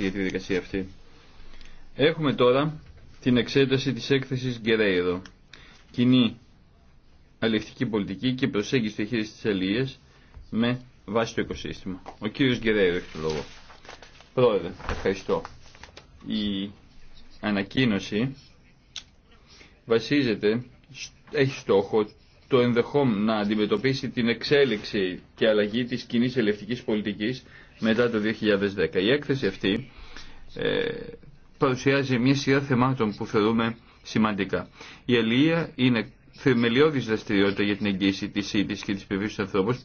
για τη διαδικασία αυτή. Έχουμε τώρα την εξέταση της έκθεσης Γκερέιδο. Κοινή αλληλευτική πολιτική και προσέγγιση στη χείριση της αλληλείας με βάση το οικοσύστημα. Ο κύριος Γκερέιδο έχει το λόγο. Πρόεδρε, ευχαριστώ. Η ανακοίνωση βασίζεται, έχει στόχο το ενδεχόμενο να αντιμετωπίσει την εξέλιξη και αλλαγή της κοινή ελευθερικής πολιτικής μετά το 2010. Η έκθεση αυτή ε, παρουσιάζει μια σειρά θεμάτων που θεωρούμε σημαντικά. Η αλληλεία είναι θεμελιώδης δραστηριότητα για την εγγύηση της ίδιας και της επιβίωσης του ανθρώπου,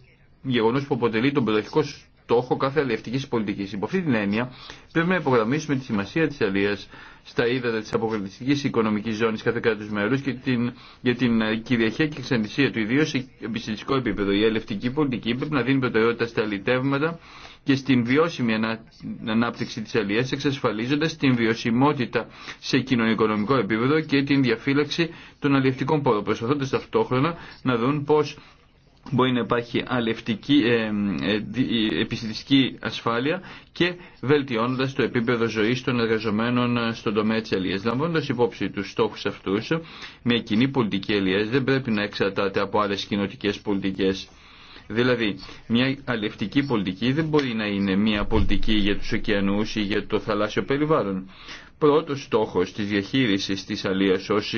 γεγονός που αποτελεί τον πρωταρχικό στόχο κάθε αλλιευτική πολιτική. Υπό αυτή την έννοια πρέπει να υπογραμμίσουμε τη σημασία τη αλληλείας στα ύδατα τη αποκλειστική οικονομική ζώνη κάθε κράτου μέρου και την, για την κυριαρχία και εξαντλησία του ιδίω σε επιστημιστικό επίπεδο. Η αλληλευτική πολιτική πρέπει να δίνει προτεραιότητα στα αλληλεύματα και στην βιώσιμη ανάπτυξη τη αλληλείας εξασφαλίζοντας την βιωσιμότητα σε κοινωνικονομικό επίπεδο και την διαφύλαξη των αλλιευτικών πόρων, προσπαθώντας ταυτόχρονα να δουν πώ μπορεί να υπάρχει αλευτική ε, ε, ε, επιστημιστική ασφάλεια και βελτιώνοντα το επίπεδο ζωή των εργαζομένων ε, στον τομέα τη αλληλείας. Λαμβάνοντα υπόψη του στόχου αυτού, μια κοινή πολιτική αλληλείας δεν πρέπει να εξαρτάται από άλλε κοινοτικέ πολιτικέ. Δηλαδή, μια αλληλευτική πολιτική δεν μπορεί να είναι μια πολιτική για του ωκεανού ή για το θαλάσσιο περιβάλλον. Πρώτος στόχος τη διαχείρισης της ω ως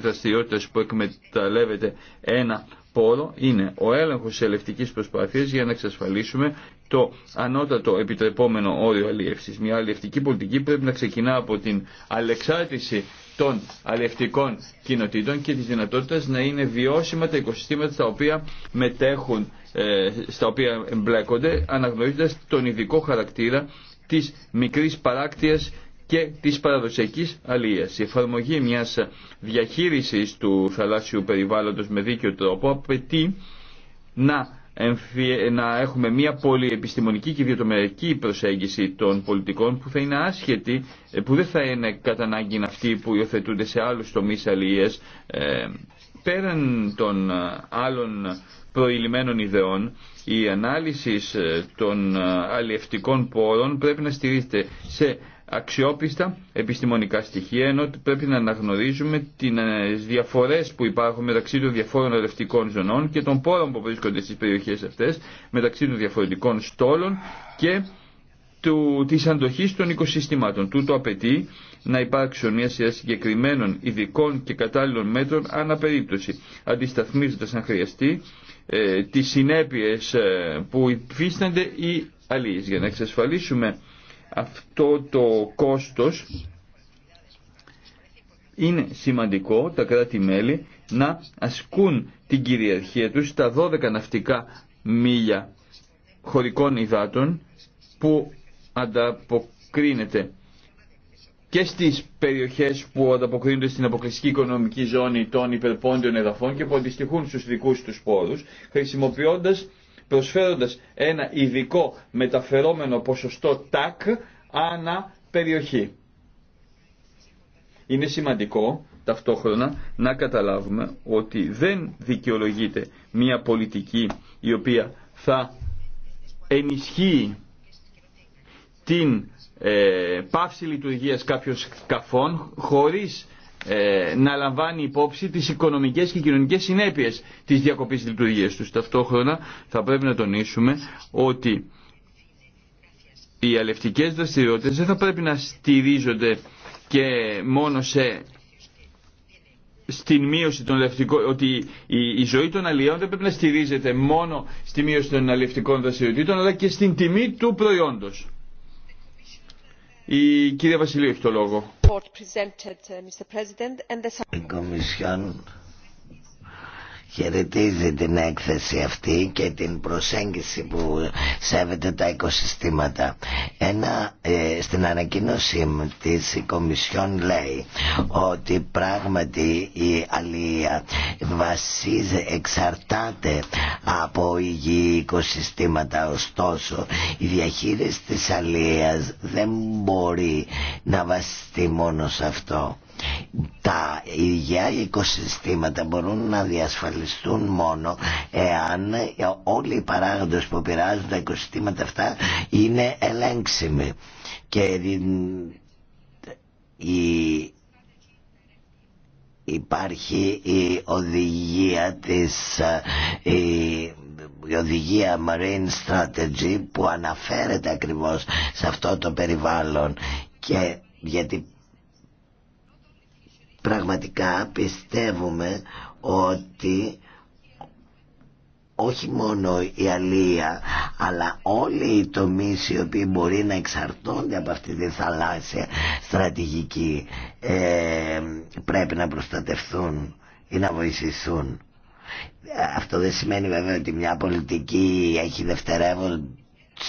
δραστηριότητα που εκμεταλλεύεται ένα πόρο είναι ο έλεγχος της ελευτικής προσπάθειας για να εξασφαλίσουμε το ανώτατο επιτρεπόμενο όριο αλίευσης. Μια αλιευτική πολιτική πρέπει να ξεκινά από την αλεξάρτηση των αλιευτικών κοινοτήτων και της δυνατότητας να είναι βιώσιμα τα οικοσυστήματα στα οποία μετέχουν, ε, στα οποία εμπλέκονται, αναγνωρίζοντας τον ειδικό χαρακτήρα της μικρής παράκτειας και της παραδοσιακής αλίας. Η εφαρμογή μιας διαχείρισης του θαλάσσιου περιβάλλοντος με δίκιο τρόπο απαιτεί να να έχουμε μια πολυεπιστημονική και ιδιωτομερική προσέγγιση των πολιτικών που θα είναι άσχετη, ε, που δεν θα είναι κατά ανάγκη αυτοί που υιοθετούνται σε άλλους τομείς αλληλείας, ε, πέραν των ε, άλλων προηλημένων ιδεών, η ανάλυση των αλλιευτικών πόρων πρέπει να στηρίζεται σε αξιόπιστα επιστημονικά στοιχεία, ενώ πρέπει να αναγνωρίζουμε ε, τι διαφορέ που υπάρχουν μεταξύ των διαφόρων ρευτικών ζωνών και των πόρων που βρίσκονται στι περιοχέ αυτέ, μεταξύ των διαφορετικών στόλων και τη αντοχή αντοχής των οικοσυστημάτων. Τούτο απαιτεί να υπάρξουν μια σειρά συγκεκριμένων ειδικών και κατάλληλων μέτρων ανά περίπτωση, αντισταθμίζοντας αν χρειαστεί ε, τις συνέπειες ε, που υφίστανται ή αλίες. Για να εξασφαλίσουμε αυτό το κόστος είναι σημαντικό τα κράτη-μέλη να ασκούν την κυριαρχία τους στα 12 ναυτικά μίλια χωρικών υδάτων που ανταποκρίνεται και στις περιοχές που ανταποκρίνονται στην αποκλειστική οικονομική ζώνη των υπερπόντιων εδαφών και που αντιστοιχούν στους δικούς τους πόρους, χρησιμοποιώντας προσφέροντας ένα ειδικό μεταφερόμενο ποσοστό τάκ ανά περιοχή. Είναι σημαντικό ταυτόχρονα να καταλάβουμε ότι δεν δικαιολογείται μια πολιτική η οποία θα ενισχύει την ε, πάυση λειτουργίας κάποιων σκαφών χωρίς ε, να λαμβάνει υπόψη τις οικονομικές και κοινωνικές συνέπειες της διακοπής λειτουργίας τους. Ταυτόχρονα θα πρέπει να τονίσουμε ότι οι αλευτικές δραστηριότητες δεν θα πρέπει να στηρίζονται και μόνο σε στην μείωση των αλευτικών, ότι η, ζωή των αλλιών δεν πρέπει να στηρίζεται μόνο στη μείωση των αλευτικών δραστηριοτήτων, αλλά και στην τιμή του προϊόντος. Η κυρία Βασιλείου έχει το λόγο χαιρετίζει την έκθεση αυτή και την προσέγγιση που σέβεται τα οικοσυστήματα. Ένα, ε, στην ανακοίνωση της η Κομισιόν λέει ότι πράγματι η αλληλεία βασίζεται, εξαρτάται από υγιή οικοσυστήματα. Ωστόσο, η διαχείριση της αλίας δεν μπορεί να βασιστεί μόνο σε αυτό. Τα υγεία οικοσυστήματα μπορούν να διασφαλιστούν μόνο εάν όλοι οι παράγοντες που πειράζουν τα οικοσυστήματα αυτά είναι ελέγξιμοι. Και η υπάρχει η οδηγία της η, ε, η, οδηγία Marine Strategy που αναφέρεται ακριβώς σε αυτό το περιβάλλον και γιατί πραγματικά πιστεύουμε ότι όχι μόνο η αλία αλλά όλοι οι τομείς οι οποίοι μπορεί να εξαρτώνται από αυτή τη θαλάσσια στρατηγική ε, πρέπει να προστατευθούν ή να βοηθηθούν. Αυτό δεν σημαίνει βέβαια ότι μια πολιτική έχει δευτερεύον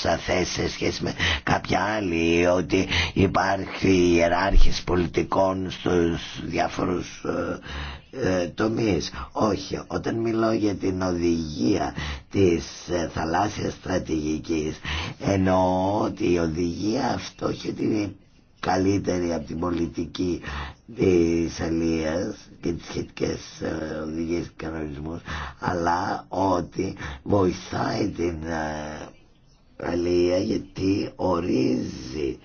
αθέσεις σε σχέση με κάποια άλλη ότι υπάρχει ιεράρχης πολιτικών στους διάφορους ε, ε, τομείς. Όχι, όταν μιλώ για την οδηγία της ε, θαλάσσιας στρατηγικής εννοώ ότι η οδηγία αυτό έχει την καλύτερη από την πολιτική της Αλίας και τις σχετικές ε, οδηγίες και κανονισμούς αλλά ότι βοηθάει την ε, Γαλλία γιατί ορίζει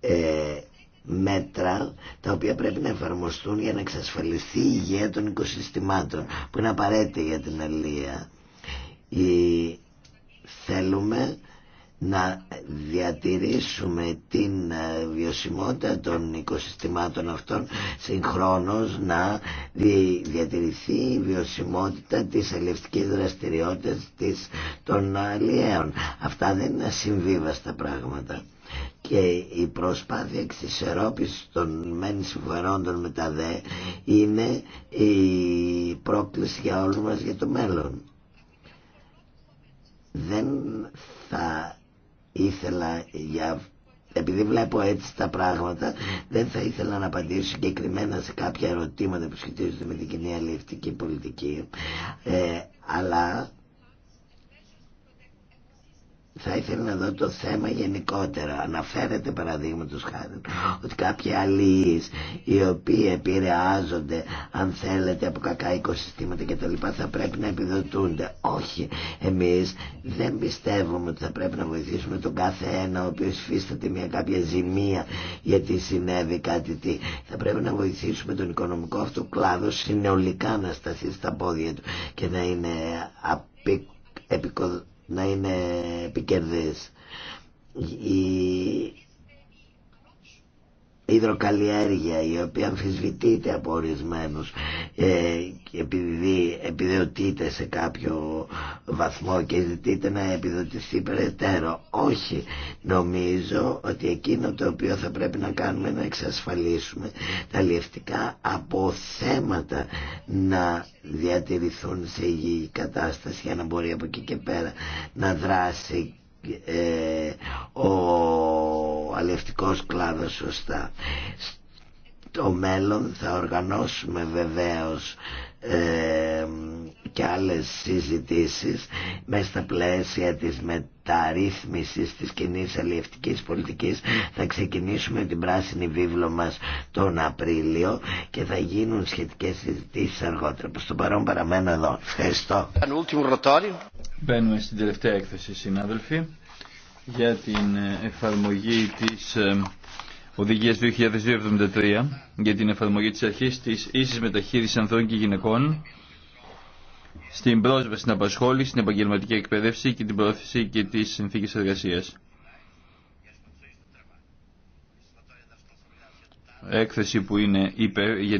ε, μέτρα τα οποία πρέπει να εφαρμοστούν για να εξασφαλιστεί η υγεία των οικοσυστημάτων που είναι απαραίτητη για την αλληλεία. Ή θέλουμε να διατηρήσουμε την ε, βιωσιμότητα των οικοσυστημάτων αυτών συγχρόνως να διατηρηθεί η βιωσιμότητα της ελευτικής δραστηριότητας της, των αλλιέων. Αυτά δεν είναι ασυμβίβαστα πράγματα και η προσπάθεια εξισερώπησης των μεν συμφερόντων με τα δε είναι η πρόκληση για όλους μας για το μέλλον. Δεν θα ήθελα για επειδή βλέπω έτσι τα πράγματα δεν θα ήθελα να απαντήσω συγκεκριμένα σε κάποια ερωτήματα που σχετίζονται με την κοινή αλληλευτική πολιτική ε, αλλά θα ήθελα να δω το θέμα γενικότερα. Αναφέρεται παραδείγματο χάρη ότι κάποιοι αλλοί οι οποίοι επηρεάζονται αν θέλετε από κακά οικοσυστήματα και τα λοιπά θα πρέπει να επιδοτούνται. Όχι, εμείς δεν πιστεύουμε ότι θα πρέπει να βοηθήσουμε τον κάθε ένα ο οποίος φύσταται μια κάποια ζημία γιατί συνέβη κάτι τι. Θα πρέπει να βοηθήσουμε τον οικονομικό αυτό κλάδο συνολικά να σταθεί στα πόδια του και να είναι η υδροκαλλιέργεια η οποία αμφισβητείται από ορισμένου ε, επειδή επιδεωτείται σε κάποιο βαθμό και ζητείται να επιδοτηθεί περαιτέρω. Όχι, νομίζω ότι εκείνο το οποίο θα πρέπει να κάνουμε να εξασφαλίσουμε τα λιευτικά αποθέματα να διατηρηθούν σε υγιή κατάσταση για να μπορεί από εκεί και πέρα να δράσει ε, ο αλευτικός κλάδος σωστά το μέλλον θα οργανώσουμε βεβαίως ε, και άλλες συζητήσεις μέσα στα πλαίσια της μεταρρύθμισης της κοινή αλληλευτικής πολιτικής θα ξεκινήσουμε την πράσινη βίβλο μας τον Απρίλιο και θα γίνουν σχετικές συζητήσεις αργότερα. Προς το παρόν παραμένω εδώ. Ευχαριστώ. Μπαίνουμε στην τελευταία έκθεση, συνάδελφοι, για την ε, εφαρμογή της ε, Οδηγίας 2273 για την εφαρμογή της αρχής της ίσης μεταχείρισης ανθρώπων και γυναικών στην πρόσβαση στην απασχόληση, στην επαγγελματική εκπαίδευση και την πρόθεση και τις συνθήκες εργασίας. Έκθεση που είναι υπέρ